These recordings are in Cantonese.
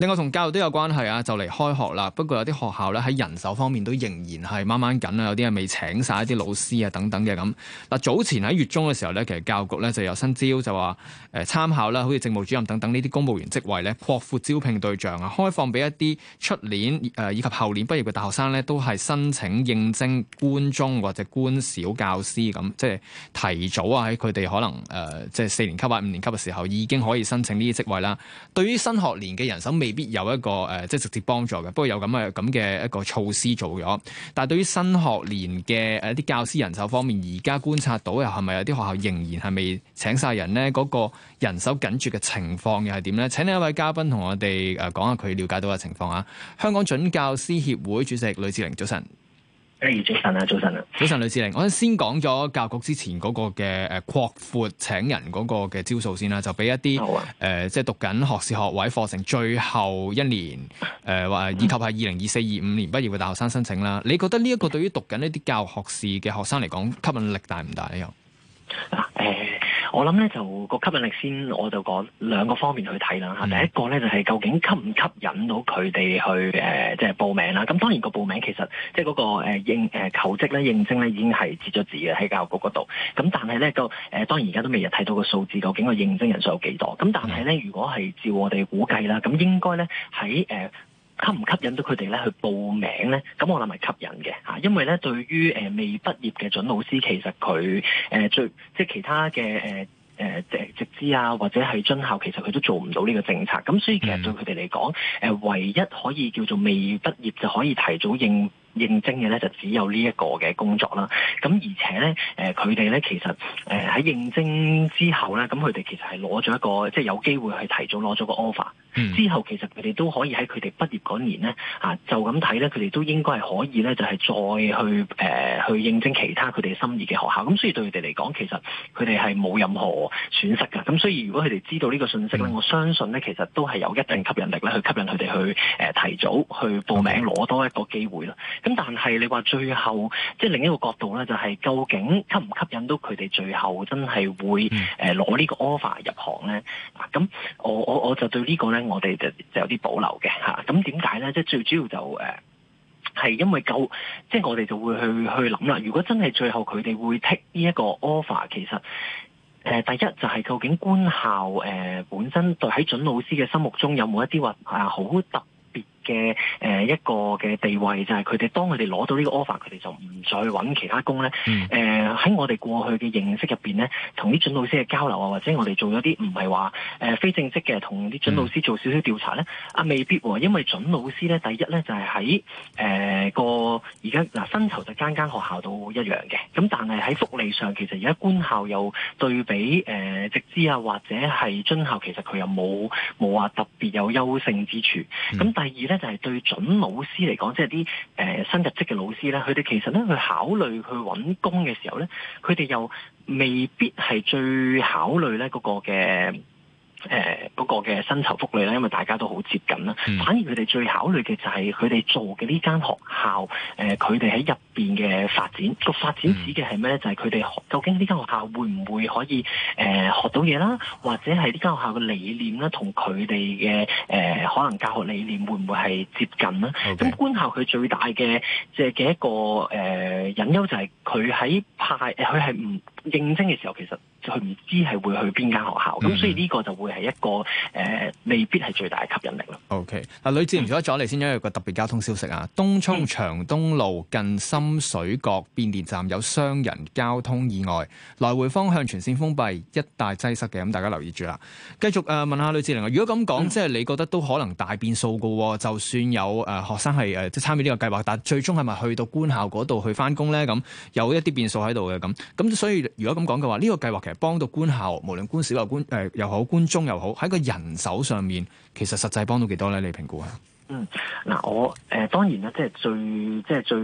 另外同教育都有關係啊，就嚟開學啦，不過有啲學校咧喺人手方面都仍然係掹掹緊啊，有啲係未請晒一啲老師啊等等嘅咁。嗱，早前喺月中嘅時候咧，其實教育局咧就有新招就，就話誒參考啦，好似政務主任等等呢啲公務員職位咧，擴闊招聘對象啊，開放俾一啲出年誒、呃、以及後年畢業嘅大學生咧，都係申請應徵官中或者官小教師咁，即係提早啊喺佢哋可能誒、呃、即係四年級或五年級嘅時候，已經可以申請呢啲職位啦。對於新學年嘅人手未未必有一個誒、呃，即係直接幫助嘅。不過有咁嘅咁嘅一個措施做咗，但係對於新學年嘅一啲教師人手方面，而家觀察到又係咪有啲學校仍然係未請晒人咧？嗰、那個人手緊缺嘅情況又係點咧？請另一位嘉賓同我哋誒講下佢了解到嘅情況啊！香港準教師協會主席呂志凌早晨。早晨啊，早晨啊，早晨，呂志凌，我先講咗教育局之前嗰個嘅誒擴闊請人嗰個嘅招數先啦，就俾一啲誒、啊呃，即係讀緊學士學位課程最後一年誒、呃，以及係二零二四二五年畢業嘅大學生申請啦。你覺得呢一個對於讀緊呢啲教育學士嘅學生嚟講，吸引力大唔大呢？又、啊？我諗咧就、那個吸引力先，我就講兩個方面去睇啦吓。第一個咧就係、是、究竟吸唔吸引到佢哋去誒、呃，即係報名啦。咁當然個報名其實即係嗰、那個誒認、呃、求職咧認證咧已經係截咗字嘅喺教育局嗰度。咁但係咧個誒當然而家都未有睇到個數字，究竟個認證人數有幾多？咁但係咧，如果係照我哋估計啦，咁應該咧喺誒。吸唔吸引到佢哋咧去報名咧？咁我諗係吸引嘅嚇，因為咧對於誒未畢業嘅準老師，其實佢誒、呃、最即係其他嘅誒誒誒直資啊，或者係津校，其實佢都做唔到呢個政策。咁所以其實對佢哋嚟講，誒唯一可以叫做未畢業就可以提早應應徵嘅咧，就只有呢、呃呃、一個嘅工作啦。咁而且咧誒佢哋咧其實誒喺應徵之後咧，咁佢哋其實係攞咗一個即係有機會去提早攞咗個 offer。嗯、之後其實佢哋都可以喺佢哋畢業嗰年咧，啊就咁睇咧，佢哋都應該係可以咧，就係、是、再去誒、呃、去應徵其他佢哋心儀嘅學校。咁所以對佢哋嚟講，其實佢哋係冇任何損失嘅。咁所以如果佢哋知道個呢個信息咧，嗯、我相信咧，其實都係有一定吸引力咧，去吸引佢哋去誒提早去報名攞、嗯、多一個機會啦，咁但係你話最後即係、就是、另一個角度咧，就係、是、究竟吸唔吸引到佢哋最後真係會誒攞呢個 offer 入行咧？啊，咁我我我就對個呢個咧。我哋就就有啲保留嘅吓，咁點解咧？即係最主要就誒、是，係、呃、因為夠，即係我哋就會去去諗啦。如果真係最後佢哋會 take 呢一個 offer，其實誒、呃，第一就係究竟官校誒、呃、本身對喺準老師嘅心目中有冇一啲話啊好特？嘅誒一個嘅地位就係佢哋當佢哋攞到呢個 offer，佢哋就唔再揾其他工咧。誒、嗯、喺、呃、我哋過去嘅認識入邊咧，同啲準老師嘅交流啊，或者我哋做咗啲唔係話誒非正式嘅同啲準老師做少少調查咧，嗯、啊未必，哦、因為準老師咧，第一咧就係喺誒個而家嗱薪酬就間間學校都一樣嘅，咁但係喺福利上其實而家官校又對比誒、呃、直資啊或者係津校，其實佢又冇冇話特別有優勝之處，咁、嗯、第二咧。就係對準老師嚟講，即係啲誒新入職嘅老師咧，佢哋其實咧去考慮去揾工嘅時候咧，佢哋又未必係最考慮咧嗰個嘅。誒嗰、呃那個嘅薪酬福利咧，因為大家都好接近啦。嗯、反而佢哋最考慮嘅就係佢哋做嘅呢間學校，誒佢哋喺入邊嘅發展。個發展指嘅係咩咧？嗯、就係佢哋究竟呢間學校會唔會可以誒、呃、學到嘢啦？或者係呢間學校嘅理念咧，同佢哋嘅誒可能教學理念會唔會係接近咧？咁 Okay. 官校佢最大嘅即係嘅一個誒隱憂就係佢喺派佢係唔認真嘅時候，其實。佢唔知係會去邊間學校，咁、嗯、所以呢個就會係一個誒未、呃、必係最大嘅吸引力咯。O K，嗱，呂志凌，唔阻咗你先，因為有個特別交通消息啊，東涌長東路近深水角變電站有雙人交通意外，來回方向全線封閉，一帶擠塞嘅，咁大家留意住啦。繼續誒問,問下呂志凌啊，如果咁講，嗯、即係你覺得都可能大變數嘅喎，就算有誒學生係誒即係參與呢個計劃，但係最終係咪去到官校嗰度去翻工咧？咁有一啲變數喺度嘅，咁咁所以如果咁講嘅話，呢、呢個計劃幫到官校，無論官小又好，官誒又好，官中又好，喺個人手上面，其實實際幫到幾多咧？你評估下。嗯，嗱，我、呃、誒，當然咧，即係最，即係最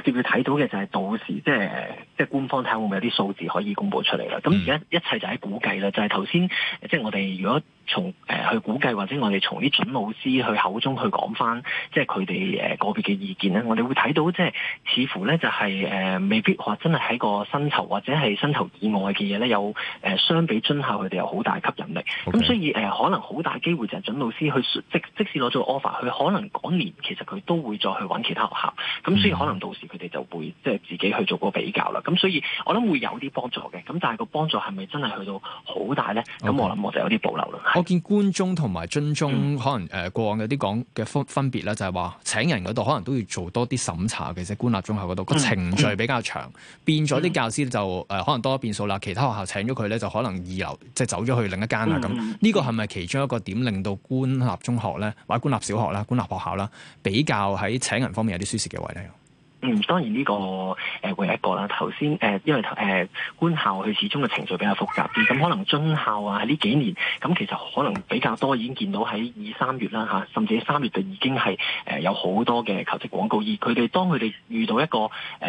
直接要睇到嘅就係到時，即係即係官方睇下會唔會有啲數字可以公布出嚟啦。咁而家一切就喺估計啦，就係頭先，即係我哋如果。從誒、呃、去估計，或者我哋從啲準老師去口中去講返，即係佢哋誒個別嘅意見咧，我哋會睇到即係似乎咧就係、是、誒、呃、未必話真係喺個薪酬或者係薪酬以外嘅嘢咧，有誒、呃、相比津校佢哋有好大吸引力。咁 Okay. 所以誒、呃、可能好大機會就係準老師去即即使攞咗 offer，佢可能嗰年其實佢都會再去揾其他學校。咁所以可能到時佢哋就會即係自己去做個比較啦。咁所以我諗會有啲幫助嘅。咁但係個幫助係咪真係去到好大咧？咁我諗我就有啲保留啦。我見官中同埋津中可能誒、呃、過往有啲講嘅分分別啦，就係、是、話請人嗰度可能都要做多啲審查，其實官立中學嗰度個程序比較長，變咗啲教師就誒可能多一變數啦。其他學校請咗佢咧，就可能二樓即係走咗去另一間啊咁。呢個係咪其中一個點令到官立中學咧，或者官立小學啦、官立學校啦，比較喺請人方面有啲舒適嘅位咧？嗯，當然呢個誒會一個啦。頭先誒，因為誒官校佢始終嘅程序比較複雜啲，咁可能津校啊喺呢幾年，咁其實可能比較多已經見到喺二三月啦嚇，甚至三月就已經係誒有好多嘅求職廣告。而佢哋當佢哋遇到一個誒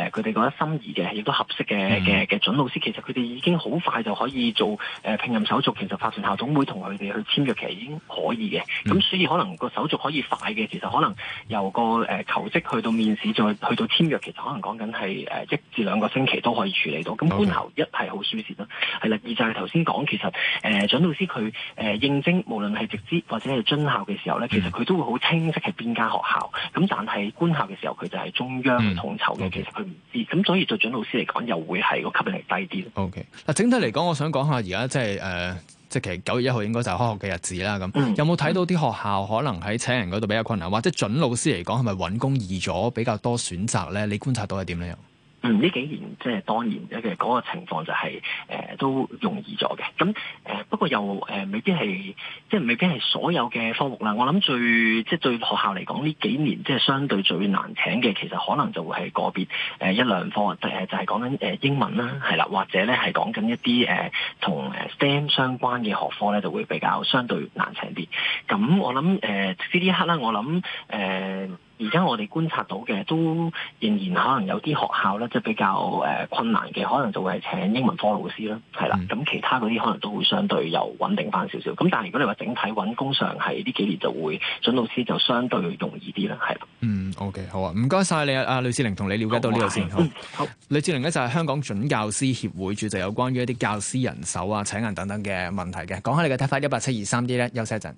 佢哋覺得心儀嘅，亦都合適嘅嘅嘅準老師，其實佢哋已經好快就可以做誒聘任手續。其實法團校董會同佢哋去簽約，其實已經可以嘅。咁所以可能個手續可以快嘅，其實可能由個誒求職去到面試，再去到。簽約其實可能講緊係誒一至兩個星期都可以處理到，咁官校一係好舒適咯，係啦。二就係頭先講，其實誒準、呃、老師佢誒認證，無論係直資或者係津校嘅時候咧，mm hmm. 其實佢都會好清晰係邊間學校。咁但係官校嘅時候，佢就係中央統籌嘅，mm hmm. 其實佢唔知。咁 Okay. 所以做準老師嚟講，又會係個吸引力低啲 O K，嗱整體嚟講，我想講下而家即係誒。Uh 即係其實九月一號應該就係開學嘅日子啦，咁有冇睇到啲學校可能喺請人嗰度比較困難，或者準老師嚟講係咪揾工易咗比較多選擇咧？你觀察到係點咧？又？嗯，呢幾年即係當然嘅嗰、那個情況就係、是、誒、呃、都容易咗嘅。咁誒、呃、不過又誒、呃、未必係即係未必係所有嘅科目啦。我諗最即係對學校嚟講呢幾年即係相對最難請嘅，其實可能就會係個別誒、呃、一兩科，誒就係講緊誒英文啦，係啦，或者咧係講緊一啲誒同、呃、誒 STEM 相關嘅學科咧，就會比較相對難請啲。咁我諗誒呢一刻啦，我諗誒。呃而家我哋觀察到嘅都仍然可能有啲學校咧，即係比較誒困難嘅，可能就會請英文科老師啦，係啦。咁其他嗰啲可能都會相對又穩定翻少少。咁但係如果你話整體揾工上係呢幾年就會準老師就相對容易啲啦，係啦。嗯、uhm，OK，好啊，唔該晒你啊、呃，呂志凌同你了解到呢度先。好，呂志凌咧就係香港準教師協會主席就有關於一啲教師人手啊、請人等等嘅問題嘅。講下你嘅睇法，一八七二三 D 咧，休息一陣。